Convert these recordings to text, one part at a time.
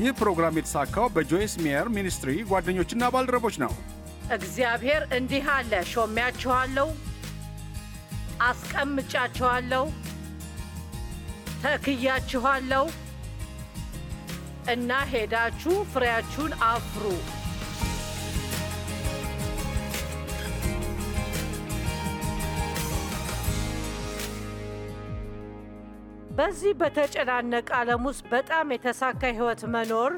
ይህ ፕሮግራም የተሳካው በጆይስ ሚየር ሚኒስትሪ ጓደኞችና ባልደረቦች ነው። እግዚአብሔር እንዲህ አለ፣ ሾሚያችኋለሁ፣ አስቀምጫችኋለሁ፣ ተክያችኋለሁ እና ሄዳችሁ ፍሬያችሁን አፍሩ። በዚህ በተጨናነቀ ዓለም ውስጥ በጣም የተሳካ ህይወት መኖር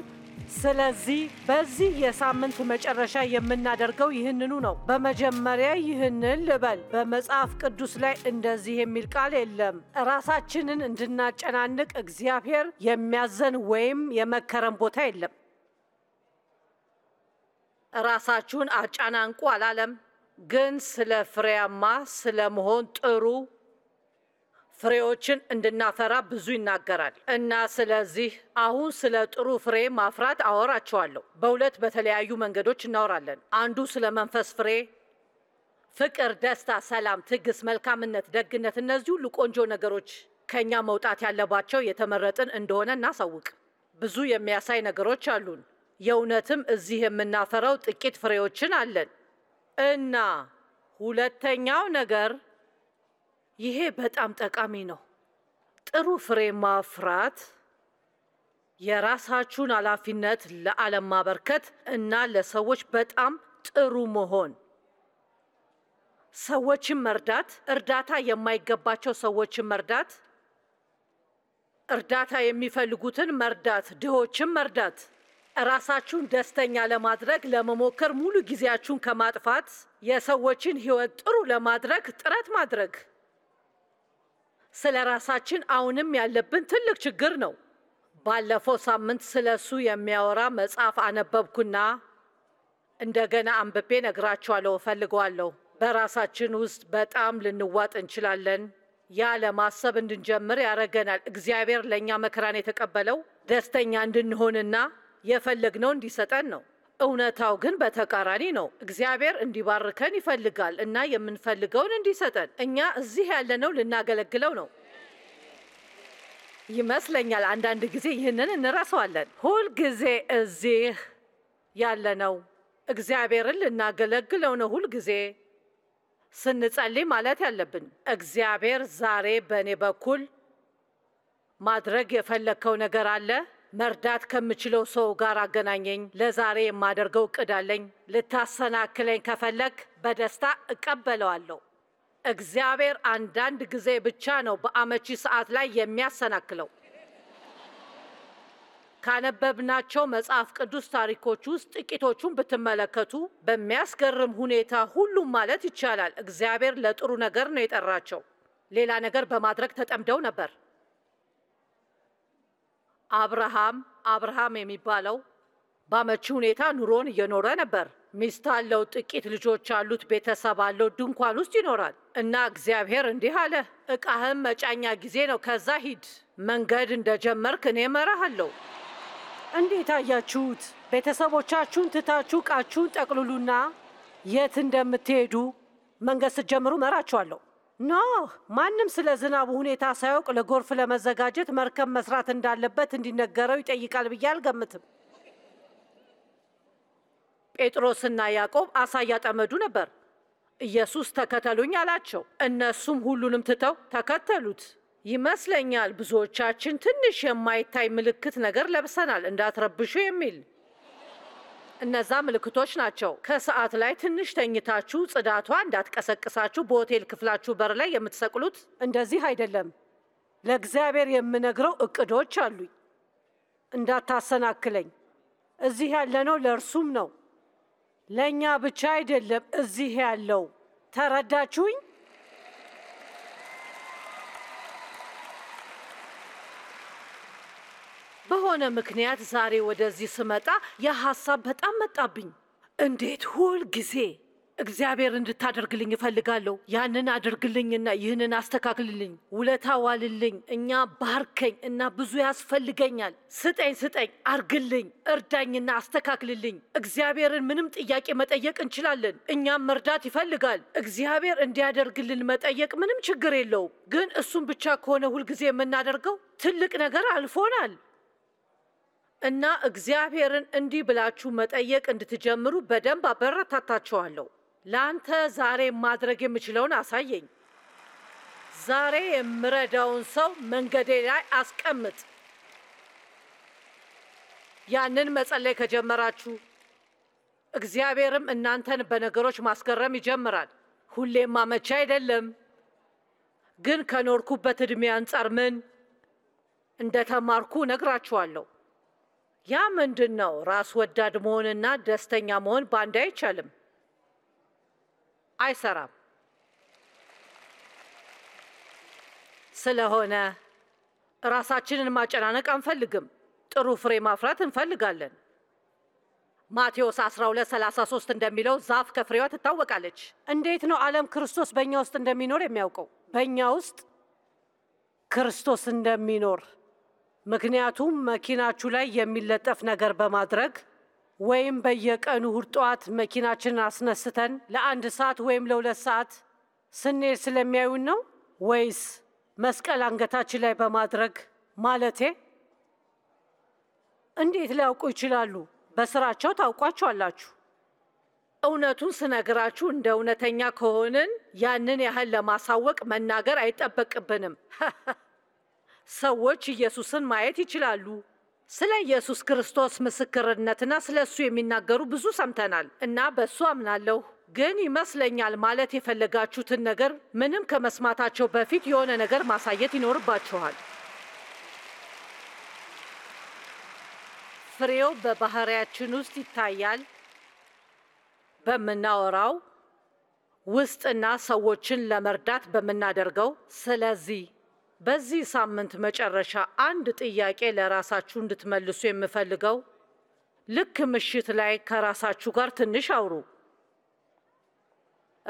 ስለዚህ በዚህ የሳምንት መጨረሻ የምናደርገው ይህንኑ ነው። በመጀመሪያ ይህንን ልበል፣ በመጽሐፍ ቅዱስ ላይ እንደዚህ የሚል ቃል የለም። እራሳችንን እንድናጨናንቅ እግዚአብሔር የሚያዘን ወይም የመከረን ቦታ የለም። እራሳችሁን አጨናንቁ አላለም፣ ግን ስለ ፍሬያማ ስለመሆን ጥሩ ፍሬዎችን እንድናፈራ ብዙ ይናገራል እና ስለዚህ አሁን ስለ ጥሩ ፍሬ ማፍራት አወራቸዋለሁ። በሁለት በተለያዩ መንገዶች እናወራለን። አንዱ ስለ መንፈስ ፍሬ ፍቅር፣ ደስታ፣ ሰላም፣ ትዕግስት፣ መልካምነት፣ ደግነት፣ እነዚህ ሁሉ ቆንጆ ነገሮች ከእኛ መውጣት ያለባቸው የተመረጥን እንደሆነ እናሳውቅ። ብዙ የሚያሳይ ነገሮች አሉን። የእውነትም እዚህ የምናፈራው ጥቂት ፍሬዎችን አለን እና ሁለተኛው ነገር ይሄ በጣም ጠቃሚ ነው። ጥሩ ፍሬ ማፍራት የራሳችሁን ኃላፊነት ለዓለም ማበርከት እና ለሰዎች በጣም ጥሩ መሆን፣ ሰዎችን መርዳት፣ እርዳታ የማይገባቸው ሰዎችን መርዳት፣ እርዳታ የሚፈልጉትን መርዳት፣ ድሆችን መርዳት፣ ራሳችሁን ደስተኛ ለማድረግ ለመሞከር ሙሉ ጊዜያችሁን ከማጥፋት የሰዎችን ሕይወት ጥሩ ለማድረግ ጥረት ማድረግ ስለ ራሳችን አሁንም ያለብን ትልቅ ችግር ነው። ባለፈው ሳምንት ስለ እሱ የሚያወራ መጽሐፍ አነበብኩና እንደገና አንብቤ ነግራችኋለሁ፣ እፈልገዋለሁ። በራሳችን ውስጥ በጣም ልንዋጥ እንችላለን። ያ ለማሰብ እንድንጀምር ያደርገናል። እግዚአብሔር ለእኛ መከራን የተቀበለው ደስተኛ እንድንሆንና የፈለግነው እንዲሰጠን ነው። እውነታው ግን በተቃራኒ ነው። እግዚአብሔር እንዲባርከን ይፈልጋል እና የምንፈልገውን እንዲሰጠን። እኛ እዚህ ያለነው ልናገለግለው ነው ይመስለኛል። አንዳንድ ጊዜ ይህንን እንረሳዋለን። ሁልጊዜ እዚህ ያለነው እግዚአብሔርን ልናገለግለው ነው። ሁልጊዜ ስንጸልይ ማለት ያለብን እግዚአብሔር ዛሬ በእኔ በኩል ማድረግ የፈለግከው ነገር አለ መርዳት ከምችለው ሰው ጋር አገናኘኝ። ለዛሬ የማደርገው እቅድ አለኝ። ልታሰናክለኝ ከፈለግ በደስታ እቀበለዋለሁ። እግዚአብሔር አንዳንድ ጊዜ ብቻ ነው በአመቺ ሰዓት ላይ የሚያሰናክለው። ካነበብናቸው መጽሐፍ ቅዱስ ታሪኮች ውስጥ ጥቂቶቹን ብትመለከቱ በሚያስገርም ሁኔታ ሁሉም ማለት ይቻላል እግዚአብሔር ለጥሩ ነገር ነው የጠራቸው። ሌላ ነገር በማድረግ ተጠምደው ነበር። አብርሃም አብርሃም የሚባለው በአመቺ ሁኔታ ኑሮን እየኖረ ነበር። ሚስት አለው፣ ጥቂት ልጆች አሉት፣ ቤተሰብ አለው፣ ድንኳን ውስጥ ይኖራል። እና እግዚአብሔር እንዲህ አለ፣ እቃህም መጫኛ ጊዜ ነው፣ ከዛ ሂድ፣ መንገድ እንደጀመርክ እኔ እመራሃለሁ። እንዴት አያችሁት? ቤተሰቦቻችሁን ትታችሁ እቃችሁን ጠቅልሉና የት እንደምትሄዱ መንገድ ስትጀምሩ እመራችኋለሁ። ኖ ማንም ስለ ዝናቡ ሁኔታ ሳያውቅ ለጎርፍ ለመዘጋጀት መርከብ መስራት እንዳለበት እንዲነገረው ይጠይቃል ብዬ አልገምትም። ጴጥሮስና ያዕቆብ አሳ እያጠመዱ ነበር። ኢየሱስ ተከተሉኝ አላቸው። እነሱም ሁሉንም ትተው ተከተሉት። ይመስለኛል ብዙዎቻችን ትንሽ የማይታይ ምልክት ነገር ለብሰናል፣ እንዳትረብሹ የሚል እነዛ ምልክቶች ናቸው። ከሰዓት ላይ ትንሽ ተኝታችሁ ጽዳቷ እንዳትቀሰቅሳችሁ በሆቴል ክፍላችሁ በር ላይ የምትሰቅሉት እንደዚህ አይደለም። ለእግዚአብሔር የምነግረው እቅዶች አሉኝ። እንዳታሰናክለኝ። እዚህ ያለነው ለእርሱም ነው፣ ለእኛ ብቻ አይደለም። እዚህ ያለው ተረዳችሁኝ? በሆነ ምክንያት ዛሬ ወደዚህ ስመጣ ያ በጣም መጣብኝ። እንዴት ሁል ጊዜ እግዚአብሔር እንድታደርግልኝ እፈልጋለሁ። ያንን አድርግልኝና ይህንን አስተካክልልኝ፣ ውለታ ዋልልኝ፣ እኛ ባርከኝ እና ብዙ ያስፈልገኛል፣ ስጠኝ፣ ስጠኝ፣ አርግልኝ፣ እርዳኝና አስተካክልልኝ። እግዚአብሔርን ምንም ጥያቄ መጠየቅ እንችላለን። እኛም መርዳት ይፈልጋል። እግዚአብሔር እንዲያደርግልን መጠየቅ ምንም ችግር የለውም። ግን እሱን ብቻ ከሆነ ሁልጊዜ የምናደርገው ትልቅ ነገር አልፎናል። እና እግዚአብሔርን እንዲህ ብላችሁ መጠየቅ እንድትጀምሩ በደንብ አበረታታችኋለሁ። ለአንተ ዛሬ ማድረግ የምችለውን አሳየኝ። ዛሬ የምረዳውን ሰው መንገዴ ላይ አስቀምጥ። ያንን መጸለይ ከጀመራችሁ እግዚአብሔርም እናንተን በነገሮች ማስገረም ይጀምራል። ሁሌም አመቻ አይደለም፣ ግን ከኖርኩበት ዕድሜ አንጻር ምን እንደተማርኩ ነግራችኋለሁ። ያ ምንድን ነው? ራስ ወዳድ መሆንና ደስተኛ መሆን በአንድ አይቻልም፣ አይሰራም። ስለሆነ ራሳችንን ማጨናነቅ አንፈልግም። ጥሩ ፍሬ ማፍራት እንፈልጋለን። ማቴዎስ 33 እንደሚለው ዛፍ ከፍሬዋ ትታወቃለች። እንዴት ነው ዓለም ክርስቶስ በእኛ ውስጥ እንደሚኖር የሚያውቀው? በእኛ ውስጥ ክርስቶስ እንደሚኖር ምክንያቱም መኪናችሁ ላይ የሚለጠፍ ነገር በማድረግ ወይም በየቀኑ እሁድ ጠዋት መኪናችንን አስነስተን ለአንድ ሰዓት ወይም ለሁለት ሰዓት ስንሄድ ስለሚያዩን ነው ወይስ መስቀል አንገታችን ላይ በማድረግ ማለቴ እንዴት ሊያውቁ ይችላሉ? በስራቸው ታውቋቸዋላችሁ። እውነቱን ስነግራችሁ እንደ እውነተኛ ከሆንን ያንን ያህል ለማሳወቅ መናገር አይጠበቅብንም። ሰዎች ኢየሱስን ማየት ይችላሉ። ስለ ኢየሱስ ክርስቶስ ምስክርነትና ስለ እሱ የሚናገሩ ብዙ ሰምተናል እና በእሱ አምናለሁ። ግን ይመስለኛል ማለት የፈለጋችሁትን ነገር ምንም ከመስማታቸው በፊት የሆነ ነገር ማሳየት ይኖርባችኋል። ፍሬው በባህሪያችን ውስጥ ይታያል፣ በምናወራው ውስጥና ሰዎችን ለመርዳት በምናደርገው ስለዚህ በዚህ ሳምንት መጨረሻ አንድ ጥያቄ ለራሳችሁ እንድትመልሱ የምፈልገው ልክ ምሽት ላይ ከራሳችሁ ጋር ትንሽ አውሩ።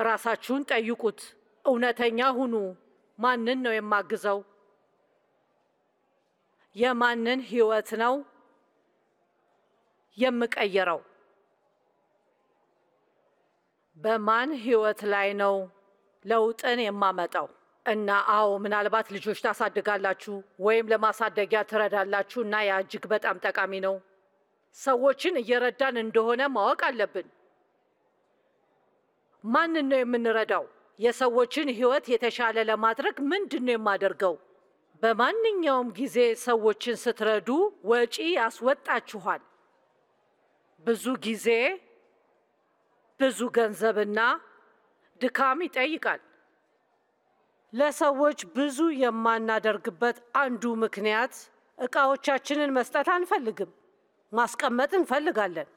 ራሳችሁን ጠይቁት። እውነተኛ ሁኑ። ማንን ነው የማግዘው? የማንን ህይወት ነው የምቀይረው? በማን ህይወት ላይ ነው ለውጥን የማመጣው? እና አዎ ምናልባት ልጆች ታሳድጋላችሁ ወይም ለማሳደጊያ ትረዳላችሁ እና ያ እጅግ በጣም ጠቃሚ ነው። ሰዎችን እየረዳን እንደሆነ ማወቅ አለብን። ማንን ነው የምንረዳው? የሰዎችን ሕይወት የተሻለ ለማድረግ ምንድን ነው የማደርገው? በማንኛውም ጊዜ ሰዎችን ስትረዱ ወጪ ያስወጣችኋል። ብዙ ጊዜ ብዙ ገንዘብና ድካም ይጠይቃል። ለሰዎች ብዙ የማናደርግበት አንዱ ምክንያት እቃዎቻችንን መስጠት አንፈልግም፣ ማስቀመጥ እንፈልጋለን።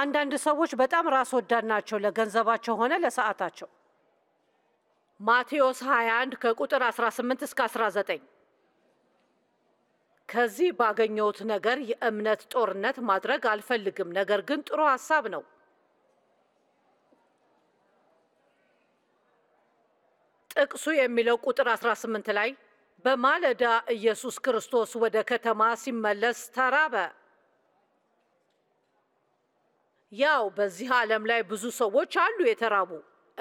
አንዳንድ ሰዎች በጣም ራስ ወዳድ ናቸው፣ ለገንዘባቸው ሆነ ለሰዓታቸው። ማቴዎስ 21 ከቁጥር 18 እስከ 19። ከዚህ ባገኘሁት ነገር የእምነት ጦርነት ማድረግ አልፈልግም፣ ነገር ግን ጥሩ ሀሳብ ነው ጥቅሱ የሚለው ቁጥር 18 ላይ በማለዳ ኢየሱስ ክርስቶስ ወደ ከተማ ሲመለስ ተራበ። ያው በዚህ ዓለም ላይ ብዙ ሰዎች አሉ የተራቡ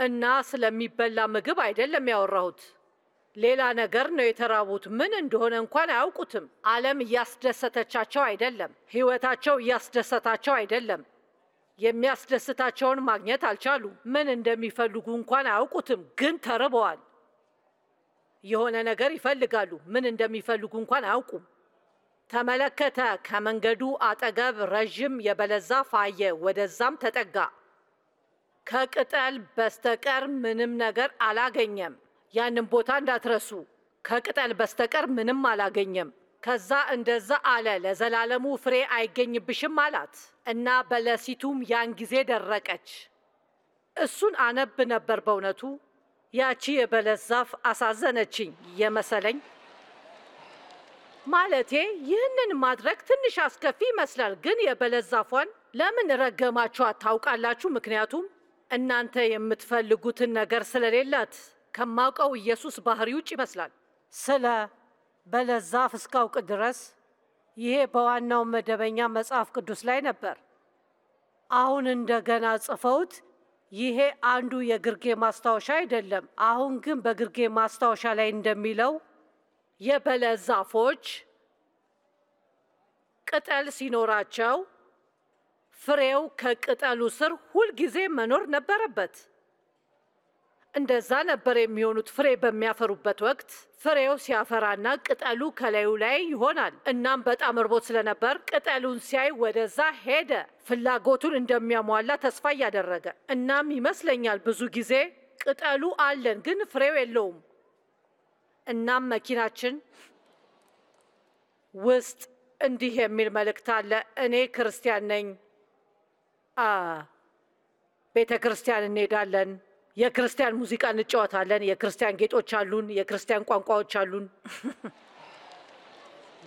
እና ስለሚበላ ምግብ አይደለም ያወራሁት። ሌላ ነገር ነው የተራቡት። ምን እንደሆነ እንኳን አያውቁትም። ዓለም እያስደሰተቻቸው አይደለም። ሕይወታቸው እያስደሰታቸው አይደለም። የሚያስደስታቸውን ማግኘት አልቻሉ። ምን እንደሚፈልጉ እንኳን አያውቁትም፣ ግን ተርበዋል። የሆነ ነገር ይፈልጋሉ። ምን እንደሚፈልጉ እንኳን አያውቁም። ተመለከተ። ከመንገዱ አጠገብ ረዥም የበለዛ ፋየ። ወደዛም ተጠጋ። ከቅጠል በስተቀር ምንም ነገር አላገኘም። ያንን ቦታ እንዳትረሱ። ከቅጠል በስተቀር ምንም አላገኘም። ከዛ እንደዛ አለ። ለዘላለሙ ፍሬ አይገኝብሽም አላት እና በለሲቱም ያን ጊዜ ደረቀች። እሱን አነብ ነበር በእውነቱ ያቺ የበለስ ዛፍ አሳዘነችኝ የመሰለኝ። ማለቴ ይህንን ማድረግ ትንሽ አስከፊ ይመስላል፣ ግን የበለስ ዛፏን ለምን ረገማችኋት ታውቃላችሁ? ምክንያቱም እናንተ የምትፈልጉትን ነገር ስለሌላት ከማውቀው ኢየሱስ ባህሪ ውጭ ይመስላል። ስለ በለስ ዛፍ እስካውቅ ድረስ ይሄ በዋናው መደበኛ መጽሐፍ ቅዱስ ላይ ነበር። አሁን እንደገና ጽፈውት ይሄ አንዱ የግርጌ ማስታወሻ አይደለም። አሁን ግን በግርጌ ማስታወሻ ላይ እንደሚለው የበለ ዛፎች ቅጠል ሲኖራቸው ፍሬው ከቅጠሉ ስር ሁልጊዜ መኖር ነበረበት። እንደዛ ነበር የሚሆኑት። ፍሬ በሚያፈሩበት ወቅት ፍሬው ሲያፈራና ቅጠሉ ከላዩ ላይ ይሆናል። እናም በጣም እርቦት ስለነበር ቅጠሉን ሲያይ ወደዛ ሄደ፣ ፍላጎቱን እንደሚያሟላ ተስፋ እያደረገ። እናም ይመስለኛል ብዙ ጊዜ ቅጠሉ አለን ግን ፍሬው የለውም። እናም መኪናችን ውስጥ እንዲህ የሚል መልእክት አለ። እኔ ክርስቲያን ነኝ። ቤተ ክርስቲያን እንሄዳለን የክርስቲያን ሙዚቃ እንጫወታለን። የክርስቲያን ጌጦች አሉን። የክርስቲያን ቋንቋዎች አሉን።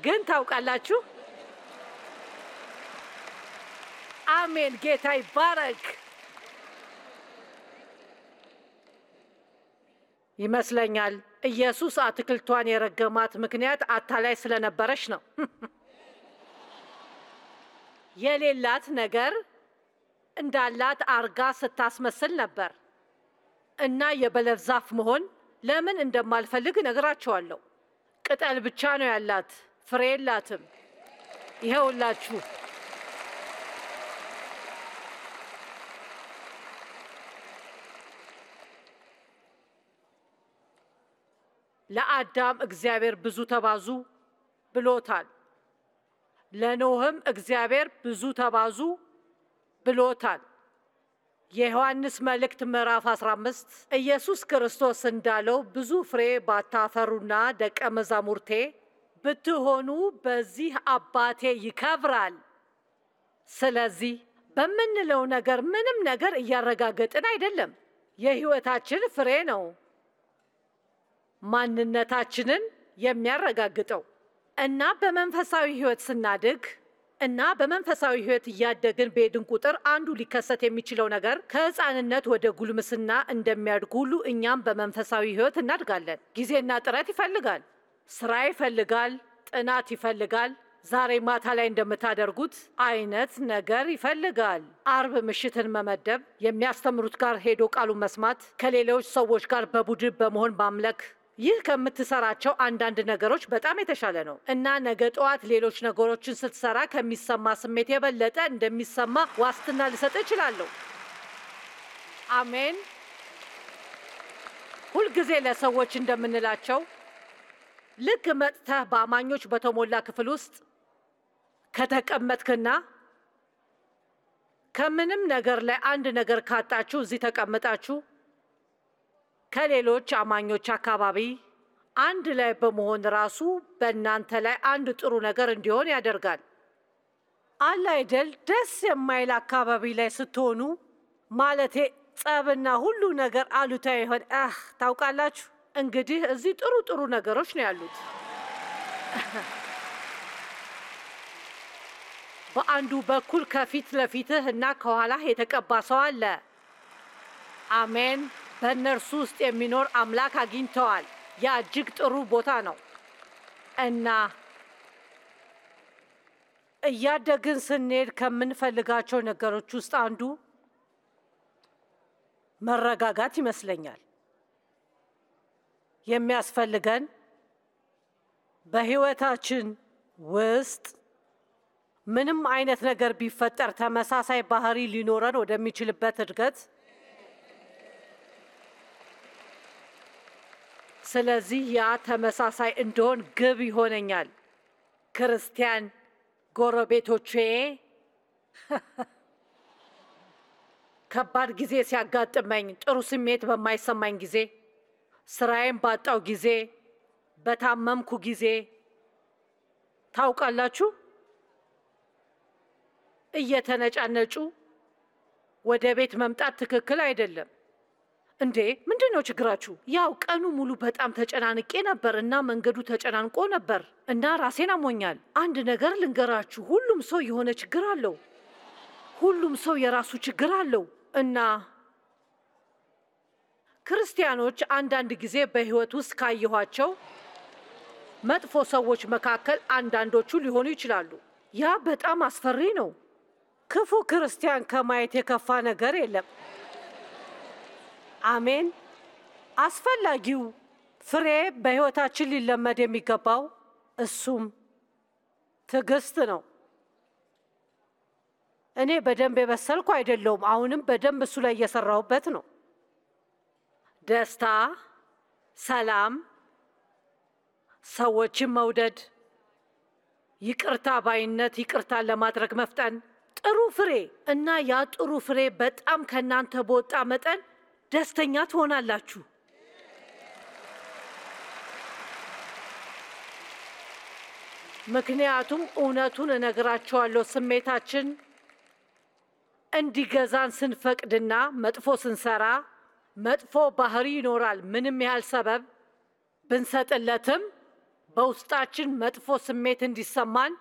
ግን ታውቃላችሁ፣ አሜን፣ ጌታ ይባረክ። ይመስለኛል ኢየሱስ አትክልቷን የረገማት ምክንያት አታላይ ስለነበረች ነው። የሌላት ነገር እንዳላት አርጋ ስታስመስል ነበር። እና የበለስ ዛፍ መሆን ለምን እንደማልፈልግ እነግራቸዋለሁ። ቅጠል ብቻ ነው ያላት፣ ፍሬ የላትም። ይኸውላችሁ ለአዳም እግዚአብሔር ብዙ ተባዙ ብሎታል። ለኖህም እግዚአብሔር ብዙ ተባዙ ብሎታል። የዮሐንስ መልእክት ምዕራፍ 15 ኢየሱስ ክርስቶስ እንዳለው ብዙ ፍሬ ባታፈሩና ደቀ መዛሙርቴ ብትሆኑ በዚህ አባቴ ይከብራል። ስለዚህ በምንለው ነገር ምንም ነገር እያረጋገጥን አይደለም። የሕይወታችን ፍሬ ነው ማንነታችንን የሚያረጋግጠው እና በመንፈሳዊ ሕይወት ስናድግ እና በመንፈሳዊ ህይወት እያደግን በሄድን ቁጥር አንዱ ሊከሰት የሚችለው ነገር ከህፃንነት ወደ ጉልምስና እንደሚያድጉ ሁሉ እኛም በመንፈሳዊ ህይወት እናድጋለን። ጊዜና ጥረት ይፈልጋል። ስራ ይፈልጋል። ጥናት ይፈልጋል። ዛሬ ማታ ላይ እንደምታደርጉት አይነት ነገር ይፈልጋል። አርብ ምሽትን መመደብ፣ የሚያስተምሩት ጋር ሄዶ ቃሉን መስማት፣ ከሌሎች ሰዎች ጋር በቡድን በመሆን ማምለክ ይህ ከምትሰራቸው አንዳንድ ነገሮች በጣም የተሻለ ነው እና ነገ ጠዋት ሌሎች ነገሮችን ስትሰራ ከሚሰማ ስሜት የበለጠ እንደሚሰማ ዋስትና ልሰጥ እችላለሁ። አሜን። ሁልጊዜ ለሰዎች እንደምንላቸው ልክ መጥተህ በአማኞች በተሞላ ክፍል ውስጥ ከተቀመጥክና ከምንም ነገር ላይ አንድ ነገር ካጣችሁ እዚህ ተቀምጣችሁ ከሌሎች አማኞች አካባቢ አንድ ላይ በመሆን ራሱ በእናንተ ላይ አንድ ጥሩ ነገር እንዲሆን ያደርጋል። አለ አይደል? ደስ የማይል አካባቢ ላይ ስትሆኑ ማለቴ ጸብና ሁሉ ነገር አሉታ ይሆን አህ ታውቃላችሁ። እንግዲህ እዚህ ጥሩ ጥሩ ነገሮች ነው ያሉት። በአንዱ በኩል ከፊት ለፊትህ እና ከኋላህ የተቀባ ሰው አለ። አሜን። በእነርሱ ውስጥ የሚኖር አምላክ አግኝተዋል። ያ እጅግ ጥሩ ቦታ ነው እና እያደግን ስንሄድ ከምንፈልጋቸው ነገሮች ውስጥ አንዱ መረጋጋት ይመስለኛል። የሚያስፈልገን በሕይወታችን ውስጥ ምንም አይነት ነገር ቢፈጠር ተመሳሳይ ባህሪ ሊኖረን ወደሚችልበት እድገት ስለዚህ ያ ተመሳሳይ እንደሆን ግብ ይሆነኛል። ክርስቲያን ጎረቤቶቼ ከባድ ጊዜ ሲያጋጥመኝ፣ ጥሩ ስሜት በማይሰማኝ ጊዜ፣ ስራዬን ባጣው ጊዜ፣ በታመምኩ ጊዜ ታውቃላችሁ እየተነጫነጩ ወደ ቤት መምጣት ትክክል አይደለም። እንዴ ምንድን ነው ችግራችሁ? ያው ቀኑ ሙሉ በጣም ተጨናንቄ ነበር እና መንገዱ ተጨናንቆ ነበር እና ራሴን አሞኛል። አንድ ነገር ልንገራችሁ፣ ሁሉም ሰው የሆነ ችግር አለው። ሁሉም ሰው የራሱ ችግር አለው እና ክርስቲያኖች አንዳንድ ጊዜ በሕይወት ውስጥ ካየኋቸው መጥፎ ሰዎች መካከል አንዳንዶቹ ሊሆኑ ይችላሉ። ያ በጣም አስፈሪ ነው። ክፉ ክርስቲያን ከማየት የከፋ ነገር የለም። አሜን። አስፈላጊው ፍሬ በሕይወታችን ሊለመድ የሚገባው እሱም ትዕግስት ነው። እኔ በደንብ የበሰልኩ አይደለውም። አሁንም በደንብ እሱ ላይ እየሰራሁበት ነው። ደስታ፣ ሰላም፣ ሰዎችን መውደድ፣ ይቅርታ ባይነት፣ ይቅርታን ለማድረግ መፍጠን ጥሩ ፍሬ እና ያ ጥሩ ፍሬ በጣም ከእናንተ በወጣ መጠን ደስተኛ ትሆናላችሁ። ምክንያቱም እውነቱን እነግራቸዋለሁ ስሜታችን እንዲገዛን ስንፈቅድና መጥፎ ስንሰራ መጥፎ ባህሪ ይኖራል። ምንም ያህል ሰበብ ብንሰጥለትም በውስጣችን መጥፎ ስሜት እንዲሰማን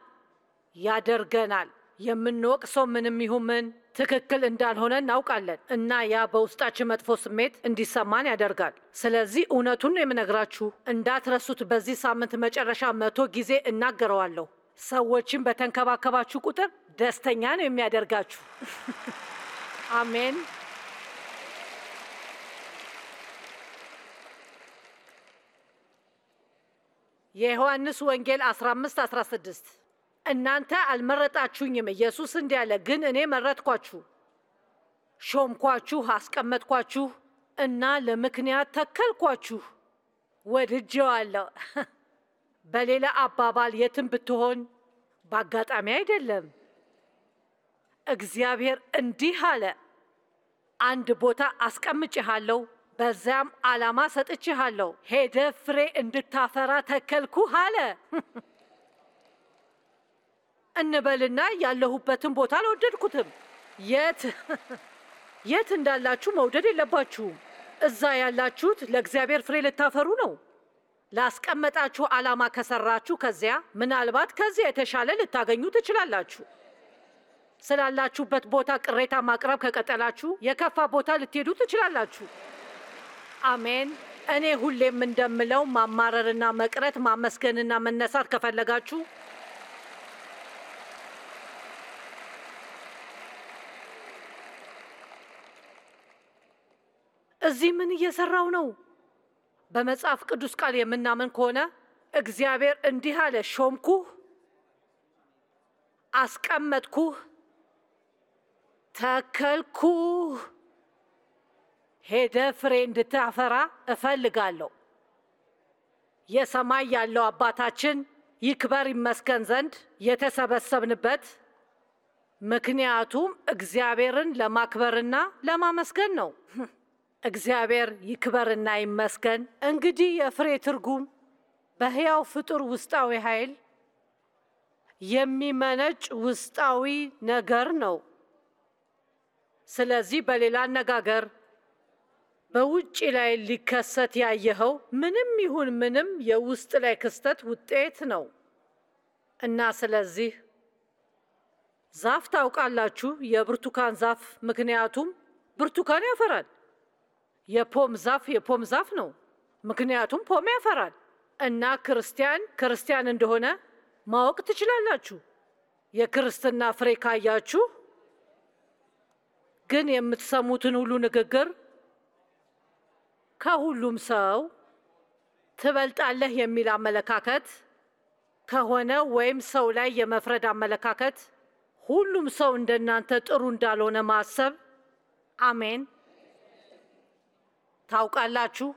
ያደርገናል። የምንወቅሰው ምንም ይሁን ምን ትክክል እንዳልሆነ እናውቃለን እና ያ በውስጣችን መጥፎ ስሜት እንዲሰማን ያደርጋል። ስለዚህ እውነቱን ነው የምነግራችሁ። እንዳትረሱት። በዚህ ሳምንት መጨረሻ መቶ ጊዜ እናገረዋለሁ። ሰዎችን በተንከባከባችሁ ቁጥር ደስተኛ ነው የሚያደርጋችሁ። አሜን። የዮሐንስ ወንጌል 15 16 እናንተ አልመረጣችሁኝም፣ ኢየሱስ እንዲህ አለ፣ ግን እኔ መረጥኳችሁ፣ ሾምኳችሁ፣ አስቀመጥኳችሁ እና ለምክንያት ተከልኳችሁ፣ ወድጄዋለሁ። በሌላ አባባል የትም ብትሆን በአጋጣሚ አይደለም። እግዚአብሔር እንዲህ አለ፣ አንድ ቦታ አስቀምጭሃለሁ፣ በዚያም ዓላማ ሰጥችሃለሁ፣ ሄደ ፍሬ እንድታፈራ ተከልኩህ አለ። እንበልና ያለሁበትን ቦታ አልወደድኩትም። የት የት እንዳላችሁ መውደድ የለባችሁም። እዛ ያላችሁት ለእግዚአብሔር ፍሬ ልታፈሩ ነው። ላስቀመጣችሁ ዓላማ ከሰራችሁ ከዚያ ምናልባት ከዚያ የተሻለ ልታገኙ ትችላላችሁ። ስላላችሁበት ቦታ ቅሬታ ማቅረብ ከቀጠላችሁ የከፋ ቦታ ልትሄዱ ትችላላችሁ። አሜን። እኔ ሁሌም እንደምለው ማማረርና መቅረት፣ ማመስገንና መነሳት ከፈለጋችሁ እዚህ ምን እየሰራው ነው? በመጽሐፍ ቅዱስ ቃል የምናምን ከሆነ እግዚአብሔር እንዲህ አለ፣ ሾምኩህ፣ አስቀመጥኩህ፣ ተከልኩህ፣ ሄደ ፍሬ እንድታፈራ እፈልጋለሁ። የሰማይ ያለው አባታችን ይክበር ይመስገን ዘንድ የተሰበሰብንበት ምክንያቱም እግዚአብሔርን ለማክበርና ለማመስገን ነው። እግዚአብሔር ይክበርና ይመስገን። እንግዲህ የፍሬ ትርጉም በሕያው ፍጡር ውስጣዊ ኃይል የሚመነጭ ውስጣዊ ነገር ነው። ስለዚህ በሌላ አነጋገር በውጭ ላይ ሊከሰት ያየኸው ምንም ይሁን ምንም የውስጥ ላይ ክስተት ውጤት ነው እና ስለዚህ ዛፍ ታውቃላችሁ፣ የብርቱካን ዛፍ ምክንያቱም ብርቱካን ያፈራል። የፖም ዛፍ የፖም ዛፍ ነው፣ ምክንያቱም ፖም ያፈራል እና ክርስቲያን ክርስቲያን እንደሆነ ማወቅ ትችላላችሁ። የክርስትና ፍሬ ካያችሁ ግን የምትሰሙትን ሁሉ ንግግር ከሁሉም ሰው ትበልጣለህ የሚል አመለካከት ከሆነ ወይም ሰው ላይ የመፍረድ አመለካከት፣ ሁሉም ሰው እንደናንተ ጥሩ እንዳልሆነ ማሰብ። አሜን። ታውቃላችሁ፣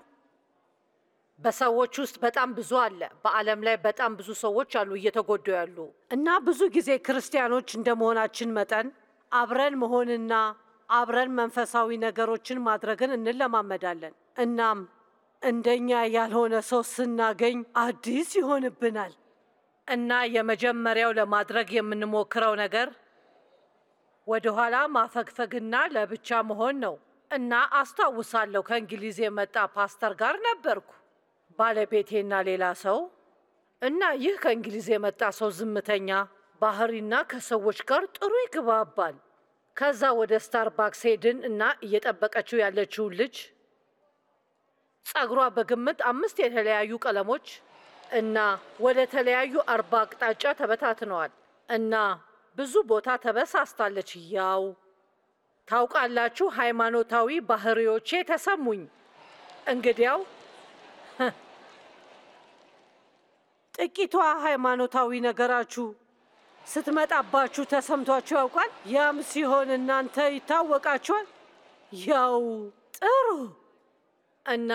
በሰዎች ውስጥ በጣም ብዙ አለ። በዓለም ላይ በጣም ብዙ ሰዎች አሉ እየተጎዱ ያሉ እና ብዙ ጊዜ ክርስቲያኖች እንደመሆናችን መጠን አብረን መሆንና አብረን መንፈሳዊ ነገሮችን ማድረግን እንለማመዳለን። እናም እንደኛ ያልሆነ ሰው ስናገኝ አዲስ ይሆንብናል እና የመጀመሪያው ለማድረግ የምንሞክረው ነገር ወደኋላ ማፈግፈግና ለብቻ መሆን ነው። እና አስታውሳለሁ ከእንግሊዝ የመጣ ፓስተር ጋር ነበርኩ ባለቤቴና ሌላ ሰው እና ይህ ከእንግሊዝ የመጣ ሰው ዝምተኛ ባህሪና ከሰዎች ጋር ጥሩ ይግባባል። ከዛ ወደ ስታርባክስ ሄድን እና እየጠበቀችው ያለችውን ልጅ ጸጉሯ በግምት አምስት የተለያዩ ቀለሞች እና ወደ ተለያዩ አርባ አቅጣጫ ተበታትነዋል እና ብዙ ቦታ ተበሳስታለች ያው ታውቃላችሁ፣ ሃይማኖታዊ ባህሪዎቼ ተሰሙኝ። እንግዲያው ጥቂቷ ሃይማኖታዊ ነገራችሁ ስትመጣባችሁ ተሰምቷችሁ ያውቃል? ያም ሲሆን እናንተ ይታወቃችኋል። ያው ጥሩ እና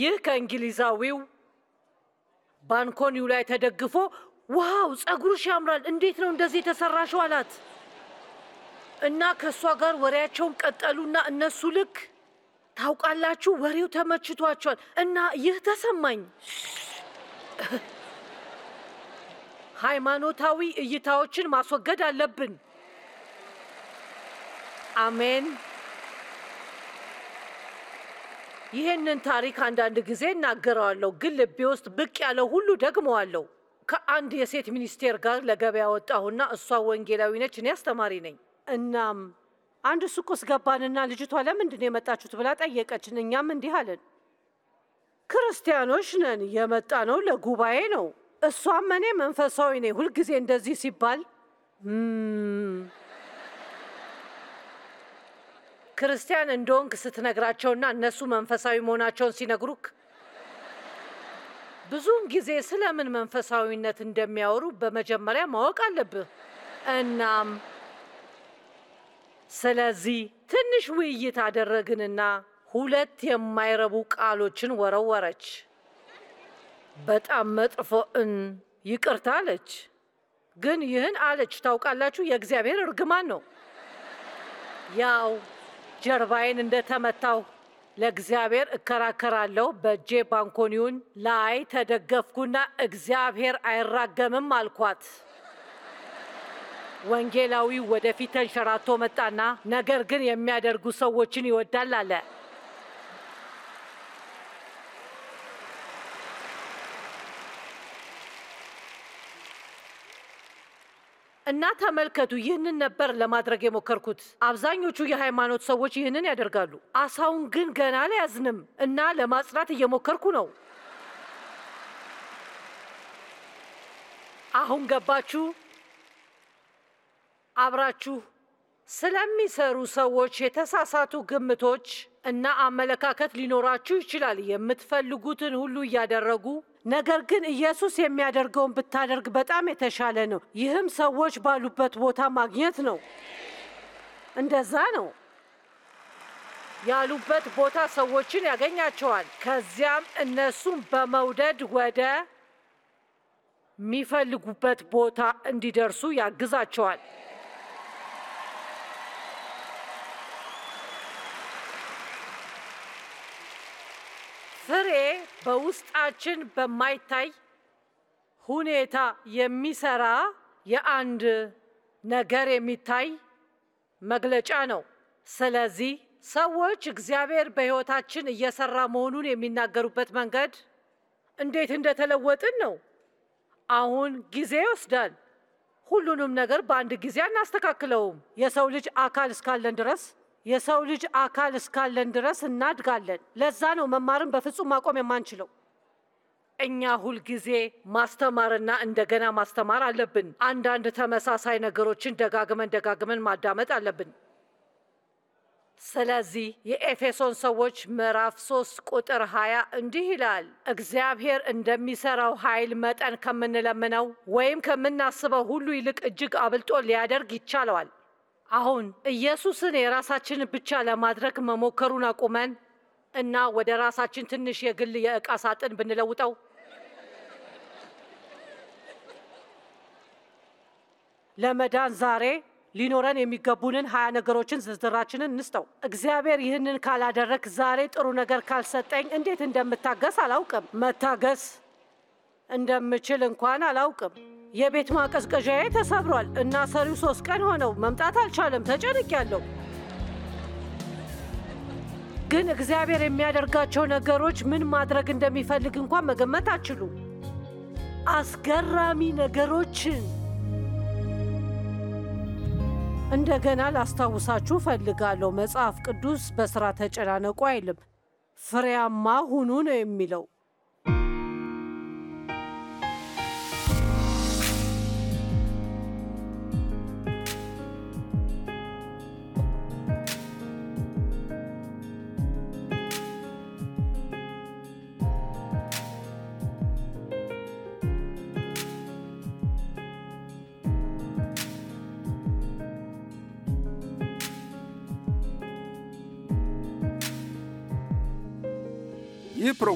ይህ ከእንግሊዛዊው ባንኮኒው ላይ ተደግፎ ዋው፣ ጸጉርሽ ያምራል፣ እንዴት ነው እንደዚህ የተሰራሽው? አላት። እና ከእሷ ጋር ወሬያቸውን ቀጠሉና እነሱ ልክ ታውቃላችሁ፣ ወሬው ተመችቷቸዋል እና ይህ ተሰማኝ። ሃይማኖታዊ እይታዎችን ማስወገድ አለብን። አሜን። ይህንን ታሪክ አንዳንድ ጊዜ እናገረዋለሁ፣ ግን ልቤ ውስጥ ብቅ ያለው ሁሉ ደግመዋለሁ። ከአንድ የሴት ሚኒስቴር ጋር ለገበያ ወጣሁና እሷ ወንጌላዊ ነች፣ እኔ አስተማሪ ነኝ። እናም አንድ ሱቅ ውስጥ ገባንና ልጅቷ ለምንድን ነው የመጣችሁት ብላ ጠየቀችን። እኛም እንዲህ አለን፣ ክርስቲያኖች ነን፣ የመጣ ነው ለጉባኤ ነው። እሷም እኔ መንፈሳዊ ነኝ፣ ሁልጊዜ እንደዚህ ሲባል ክርስቲያን እንደሆንክ ስትነግራቸውና እነሱ መንፈሳዊ መሆናቸውን ሲነግሩክ ብዙውን ጊዜ ስለምን መንፈሳዊነት እንደሚያወሩ በመጀመሪያ ማወቅ አለብህ። እናም ስለዚህ ትንሽ ውይይት አደረግንና ሁለት የማይረቡ ቃሎችን ወረወረች። በጣም እን ይቅርታ አለች። ግን ይህን አለች ታውቃላችሁ፣ የእግዚአብሔር እርግማን ነው። ያው ጀርባዬን እንደተመታሁ ለእግዚአብሔር እከራከራለሁ። በእጄ ባንኮኒውን ላይ ተደገፍኩና እግዚአብሔር አይራገምም አልኳት። ወንጌላዊ ወደፊት ተንሸራቶ መጣና ነገር ግን የሚያደርጉ ሰዎችን ይወዳል አለ። እና ተመልከቱ፣ ይህንን ነበር ለማድረግ የሞከርኩት። አብዛኞቹ የሃይማኖት ሰዎች ይህንን ያደርጋሉ። አሳውን ግን ገና አልያዝንም እና ለማጽዳት እየሞከርኩ ነው። አሁን ገባችሁ? አብራችሁ ስለሚሰሩ ሰዎች የተሳሳቱ ግምቶች እና አመለካከት ሊኖራችሁ ይችላል። የምትፈልጉትን ሁሉ እያደረጉ ነገር ግን ኢየሱስ የሚያደርገውን ብታደርግ በጣም የተሻለ ነው። ይህም ሰዎች ባሉበት ቦታ ማግኘት ነው። እንደዛ ነው። ያሉበት ቦታ ሰዎችን ያገኛቸዋል። ከዚያም እነሱን በመውደድ ወደ ሚፈልጉበት ቦታ እንዲደርሱ ያግዛቸዋል። ፍሬ በውስጣችን በማይታይ ሁኔታ የሚሰራ የአንድ ነገር የሚታይ መግለጫ ነው። ስለዚህ ሰዎች እግዚአብሔር በሕይወታችን እየሰራ መሆኑን የሚናገሩበት መንገድ እንዴት እንደተለወጥን ነው። አሁን ጊዜ ይወስዳል። ሁሉንም ነገር በአንድ ጊዜ አናስተካክለውም። የሰው ልጅ አካል እስካለን ድረስ የሰው ልጅ አካል እስካለን ድረስ እናድጋለን። ለዛ ነው መማርን በፍጹም ማቆም የማንችለው። እኛ ሁልጊዜ ማስተማርና እንደገና ማስተማር አለብን። አንዳንድ ተመሳሳይ ነገሮችን ደጋግመን ደጋግመን ማዳመጥ አለብን። ስለዚህ የኤፌሶን ሰዎች ምዕራፍ 3 ቁጥር 20 እንዲህ ይላል፣ እግዚአብሔር እንደሚሰራው ኃይል መጠን ከምንለምነው ወይም ከምናስበው ሁሉ ይልቅ እጅግ አብልጦ ሊያደርግ ይቻለዋል። አሁን ኢየሱስን የራሳችን ብቻ ለማድረግ መሞከሩን አቁመን እና ወደ ራሳችን ትንሽ የግል የእቃ ሳጥን ብንለውጠው ለመዳን ዛሬ ሊኖረን የሚገቡንን ሀያ ነገሮችን ዝርዝራችንን እንስጠው። እግዚአብሔር ይህንን ካላደረግ ዛሬ ጥሩ ነገር ካልሰጠኝ እንዴት እንደምታገስ አላውቅም። መታገስ እንደምችል እንኳን አላውቅም። የቤት ማቀዝቀዣዬ ተሰብሯል እና ሰሪው ሶስት ቀን ሆነው መምጣት አልቻለም። ያለው ግን እግዚአብሔር የሚያደርጋቸው ነገሮች ምን ማድረግ እንደሚፈልግ እንኳን መገመት አችሉ። አስገራሚ ነገሮችን እንደገና ላስታውሳችሁ ፈልጋለሁ መጽሐፍ ቅዱስ በሥራ ተጨናነቁ አይልም፣ ፍሬያማ ሁኑ ነው የሚለው።